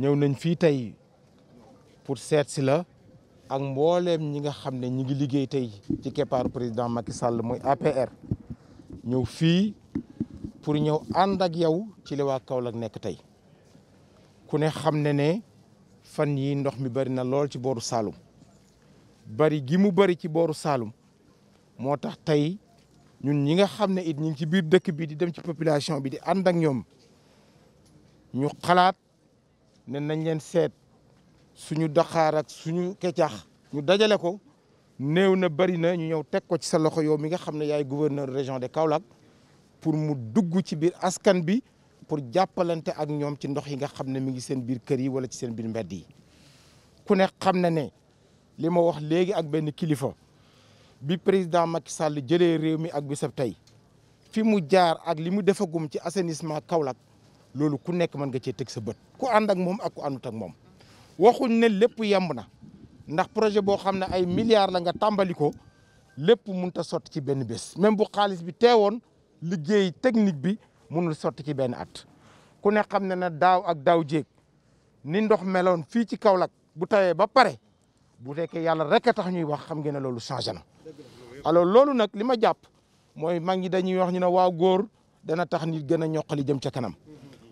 ñëw nañ fii tey pour seet si la ak mbooleem ñi nga xam ne ñi ngi liggéey tey ci keppaaru président Macky Sall mooy APR ñëw fii pour ñëw ànd ak yow ci li waa nekk tey ku ne xam ne ne fan yi ndox mi bari na lool ci booru Saalum bari gi mu bari ci booru Saalum moo tax tey ñun ñi nga xam ne it ñu ngi ci biir dëkk bi di dem ci population bi di ànd ak ñoom ñu xalaat ne nañ leen seet suñu daxaar suñu kecax ñu dajale ko néew na bëri na ñu ñëw teg ko ci sa loxo yow mi nga xam ne yaay gouverneur région de Kaolack pour mu dugg ci biir askan bi pour jàppalante ak ñoom ci ndox yi nga xam ne mi ngi seen biir kër yi wala ci seen biir mbedd yi ku ne xam na ne li ma wax léegi ak benn kilifa bi président Macky Sall jëlee réew mi ak bi bisab tey fi mu jaar ak li mu defagum ci assainissement Kaolack loolu ku nekk mën nga cee teg sa bët ku ànd ak moom ak ku àndut ak moom waxuñ ne lépp yemb na ndax projet boo xam ne ay milliards la nga tàmbali ko lépp mun ta sotti ci benn bés même bu xaalis bi teewoon liggéey technique bi munul sotti ci benn at ku nekk xam ne na daaw ak daaw jéeg ni ndox meloon fii ci Kaolack bu tawee ba pare bu fekkee yàlla rek a tax ñuy wax xam ngeen ne loolu changé na alors loolu nag li ma jàpp mooy mag ñi dañuy wax ñu ne waaw góor dana tax nit gën a ñoqali jëm ca kanam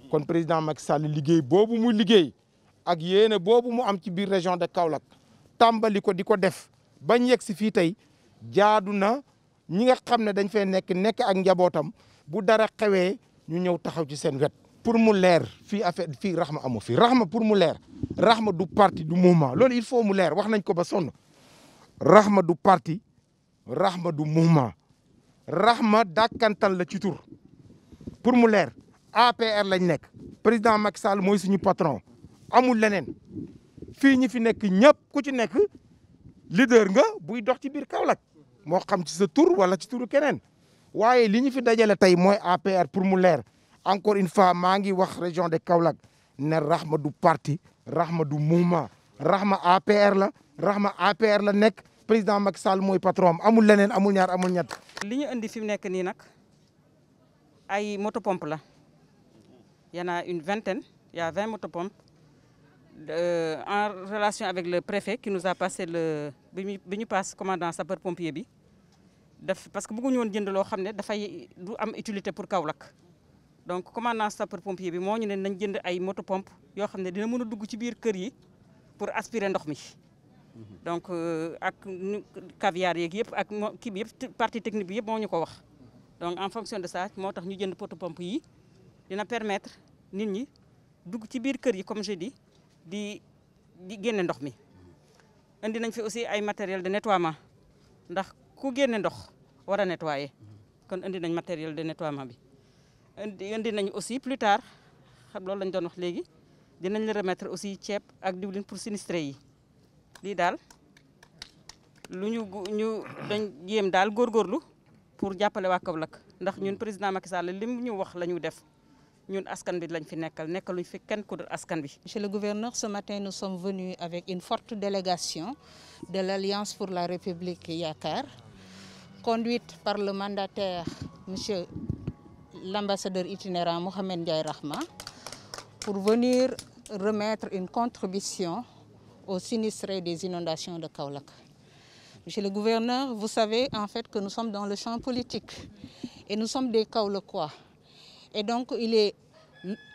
kon président Macky Sall liggéey boobu mu liggéey ak yéene boobu mu am ci biir région de Kaolack tàmbali ko di ko def bañ yegg si fii tey jaadu na ñi nga xam ne dañ fee nekk nekk ak njabootam bu dara xewee ñu ñëw taxaw ci seen wet. pour mu leer fii affaire fii Rahma amu fi Rahma pour mu leer Rahma du parti du mouvement loolu il faut mu leer wax nañ ko ba sonn Rahma du parti Rahma du mouvement raxma dàkkantal la ci tur pour mu leer. APR lañ nekk président Macky Sall mooy suñu patron amul leneen fii ñu fi nekk ñëpp ku ci nekk leader nga buy dox ci biir Kaolack moo xam ci sa tuur wala ci turu keneen waaye li ñu fi dajale tey mooy APR pour mu leer encore une fois maa ngi wax région de Kaolack ne Rahma du parti Rahma du mouvement Rahma APR la Rahma APR la nekk président Macky Sall mooy patron amul leneen amul ñaar amul ñett. li ñu indi fi mu nekk nii nag ay moto pompe la. Il y en a une vingtaine, il y a 20 motopompes. Euh, en relation avec le préfet qui nous a passé le passe commandant sapeur pompier parce que nous on jënd loo xam ne dafay du am utilité pour Kaolack donc commandant sapeur pompier bi avons ñu né nañ jënd ay motopompe a dugg ci biir pour aspirer nos mi donc le euh, caviar et yëpp ak kii partie technique bi yëpp ñu donc en fonction de ça moo a ñu jënd motopompes dina permettre nit ñi dugg ci biir kër yi comme je dis di di génne ndox mi andi nañ fi aussi ay matériel de nettoiement ndax ku génne ndox war a nettoyer kon andi nañ matériel de nettoiement bi andi indi nañ aussi plus tard xam loolu lañ doon wax léegi dinañ la remettre aussi ceeb ak diwlin pour sinistré yi lii daal lu ñu ñu dañ jéem daal góorgóorlu pour jàppale waa Kaolack ndax ñun président Macky Sall lim ñu wax la ñu def Monsieur le gouverneur ce matin nous sommes venus avec une forte délégation de l'Alliance pour la République Yakar conduite par le mandataire monsieur l'ambassadeur itinérant Mohamed Ndiaye pour venir remettre une contribution au sinistrés des inondations de Kaolak. Monsieur le gouverneur, vous savez en fait que nous sommes dans le champ politique et nous sommes des Kaolakois. Et donc, il est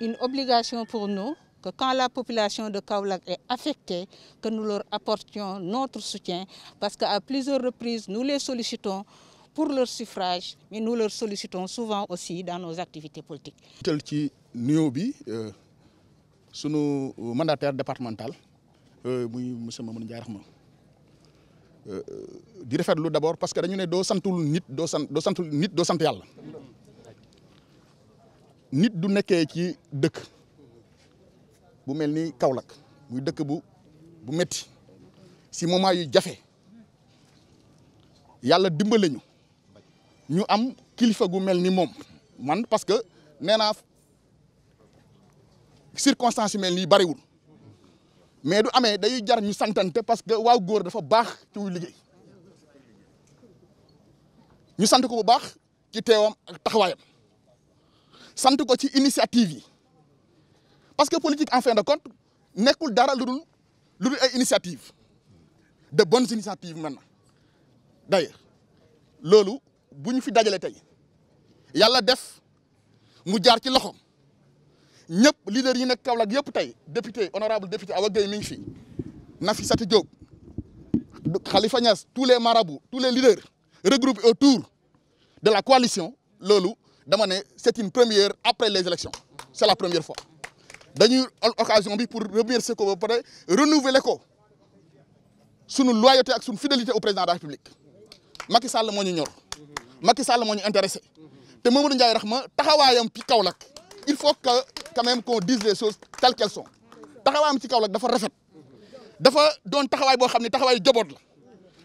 une obligation pour nous que quand la population de Kaolack est affectée, que nous leur apportions notre soutien, parce qu'à plusieurs reprises, nous les sollicitons pour leur suffrage, mais nous leur sollicitons souvent aussi dans nos activités politiques. tel qui sous bi mandataires euh, mandataire départemental euh, M. monsieur Mamadou Ndiaye je d'abord parce que dañu ne doo santul nit doo sant doo santul nit nit du nekkee ci dëkk bu mel ni Kaolack muy dëkk bu bu metti si moment yu jafe yàlla dimbale ñu ñu am kilifa gu mel ni moom man parce que nee naa circonstances yu mel nii bariwul mais du amee day jar ñu santante parce que waaw góor dafa baax ci wuy liggéey ñu sant ko bu baax ci teewam ak taxawaayam. sant ko ci initiative parce que politique en fin de compte n'est dara une ay initiative de bonnes initiatives maintenant d'ailleurs lolo, buñ fi dajalé tay yalla def mu jaar ci loxoom ñëpp leader yi nek Kaolack tay député honorable député Awa gay fi Nafi Khalifa Niass tous les marabouts tous les leaders regroupés autour de la coalition lolo dama ne c'est une première après les élections c'est la première fois dañuy occasion bi pour remercier ko ba pare renouveler ko sunu loyauté ak sunu fidélité au président de la République Macky Sall moo ñu ñor Macky Sall moo ñu intéressé te Mamadou Ndiaye Rahma taxawaayam ci Kaolack il faut que quand même qu'on dise les choses telles qu'elles sont taxawaayam ci Kaolack dafa rafet dafa doon taxawaay boo xam ne taxawaayu jaboot la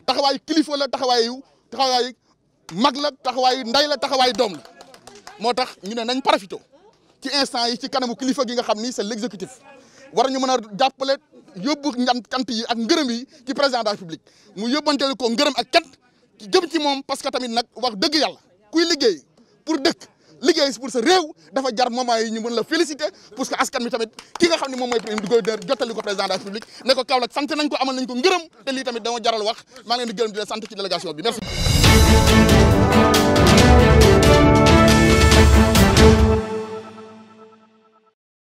taxawaayu kilifa la taxawaayu taxawaayu mag la taxawaayu ndey la taxawaayu Dom. la moo tax ñu ne nañ profité ci instant yi ci kanamu kilifa gi nga xam ni c'est l'exécutif war ñu mën a jàppale yóbbu njant cant yi ak ngërëm yi ci président de la république mu yóbbanteel ko ngërëm ak cat jëm ci mom parce que tamit nak wax dëgg yalla kuy liggéey pour dëkk liggéey pour sa rew dafa jar moment yi ñu mëna la féliciter parce que askan mi tamit ki nga xam ne moom mooy gouverneur jottali ko président de la république ne ko Kaolack sante nañ ko amal nañ ko ngërëm te li tamit dama jaral wax ma ngi leen di gërëm di leen sant ci délégation bi merci